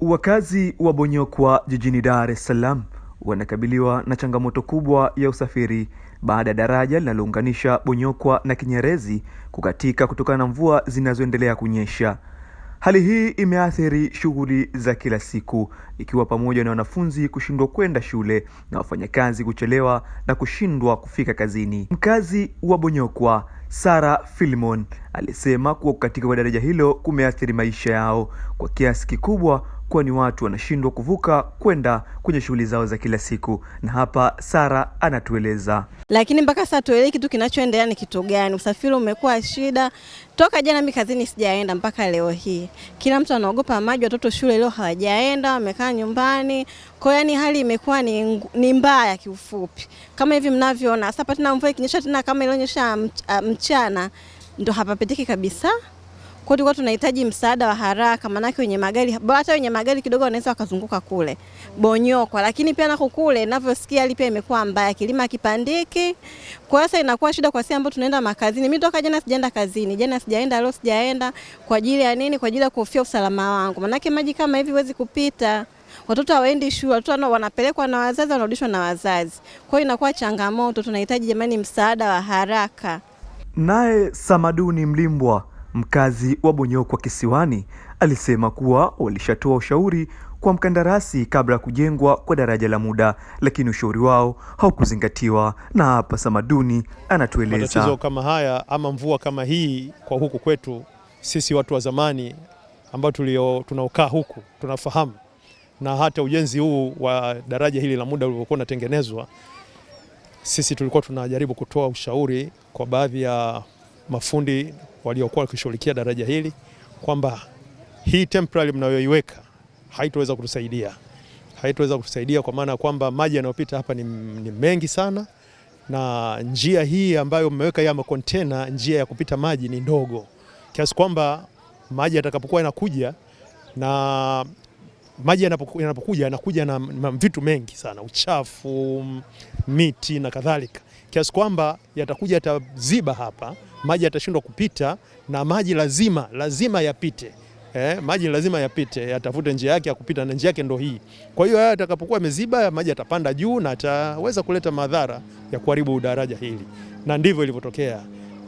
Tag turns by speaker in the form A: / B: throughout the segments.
A: Wakazi wa Bonyokwa jijini Dar es Salaam wanakabiliwa na changamoto kubwa ya usafiri baada ya daraja linalounganisha Bonyokwa na Kinyerezi kukatika kutokana na mvua zinazoendelea kunyesha. Hali hii imeathiri shughuli za kila siku ikiwa pamoja na wanafunzi kushindwa kwenda shule na wafanyakazi kuchelewa na kushindwa kufika kazini. Mkazi wa Bonyokwa, Sara Philemon, alisema kuwa kukatika kwa daraja hilo kumeathiri maisha yao kwa kiasi kikubwa kwani watu wanashindwa kuvuka kwenda kwenye shughuli zao za kila siku, na hapa Sara anatueleza.
B: Lakini mpaka sasa tuelewi kitu kinachoendelea ni kitu gani. Usafiri umekuwa shida toka jana, mimi kazini sijaenda mpaka leo hii. Kila mtu anaogopa maji, watoto shule leo hawajaenda, wamekaa nyumbani kwa yani, hali imekuwa ni, ni mbaya kiufupi, kama hivi mnavyoona sasa. Tena mvua ikinyesha tena kama ilionyesha mchana, ndo hapapitiki kabisa. Kwa hiyo tunahitaji msaada wa haraka, maanake wenye magari hata wenye magari kidogo wanaweza wakazunguka kule Bonyokwa, lakini pia nako kule ninavyosikia hali pia imekuwa mbaya, kilima kipandiki. Kwa sasa inakuwa shida kwa sisi ambao tunaenda makazini. Mimi toka jana sijaenda kazini, jana sijaenda, leo sijaenda. Kwa ajili ya nini? Kwa ajili ya kuhofia usalama wangu, maanake maji kama hivi huwezi kupita watoto hawaendi shule, watoto wanapelekwa na wazazi, wanarudishwa na wazazi. Kwa hiyo inakuwa changamoto, tunahitaji jamani msaada wa haraka.
A: Naye Samaduni Mlimbwa Mkazi wa Bonyokwa Kisiwani alisema kuwa walishatoa ushauri kwa mkandarasi kabla ya kujengwa kwa daraja la muda, lakini ushauri wao haukuzingatiwa. Na hapa Samaduni anatueleza.
C: Matatizo kama haya ama mvua kama hii kwa huku kwetu sisi watu wa zamani ambao tulio tunaokaa huku tunafahamu, na hata ujenzi huu wa daraja hili la muda ulivyokuwa unatengenezwa, sisi tulikuwa tunajaribu kutoa ushauri kwa baadhi ya mafundi waliokuwa wakishughulikia daraja hili kwamba hii temporary mnayoiweka haitoweza kutusaidia, haitoweza kutusaidia kwa maana ya kwamba maji yanayopita hapa ni, ni mengi sana na njia hii ambayo mmeweka ya makontena, njia ya kupita maji ni ndogo kiasi kwamba maji yatakapokuwa yanakuja na maji yanapokuja yanakuja na, na vitu mengi sana, uchafu, miti na kadhalika, kiasi kwamba yatakuja yataziba hapa maji yatashindwa kupita, na maji lazima lazima yapite. Eh, maji lazima yapite, yatafute njia yake ya kupita, na njia yake ndo hii. Kwa hiyo haya atakapokuwa ameziba maji yatapanda juu na ataweza kuleta madhara ya kuharibu daraja hili, na ndivyo ilivyotokea.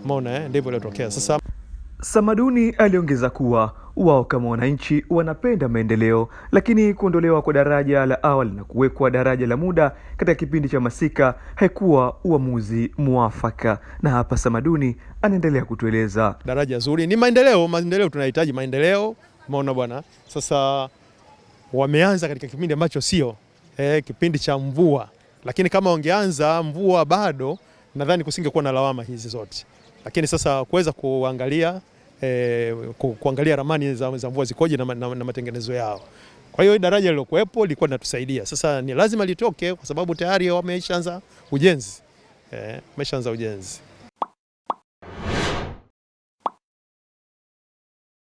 C: Umeona eh? Ndivyo ilivyotokea. Sasa
A: Samaduni aliongeza kuwa wao kama wananchi wanapenda maendeleo, lakini kuondolewa kwa daraja la awali na kuwekwa daraja la muda katika kipindi cha masika haikuwa uamuzi mwafaka. Na hapa Samaduni anaendelea kutueleza. Daraja zuri ni
C: maendeleo, maendeleo tunahitaji maendeleo, umeona bwana. Sasa wameanza katika kipindi ambacho sio eh, kipindi cha mvua, lakini kama wangeanza mvua bado, nadhani kusingekuwa na lawama hizi zote, lakini sasa kuweza kuangalia eh, kuangalia ramani za, za mvua zikoje na, na, na matengenezo yao. Kwa hiyo daraja lilokuwepo lilikuwa linatusaidia. Sasa ni lazima litoke kwa sababu tayari wameshaanza ujenzi. Eh, wameshaanza ujenzi.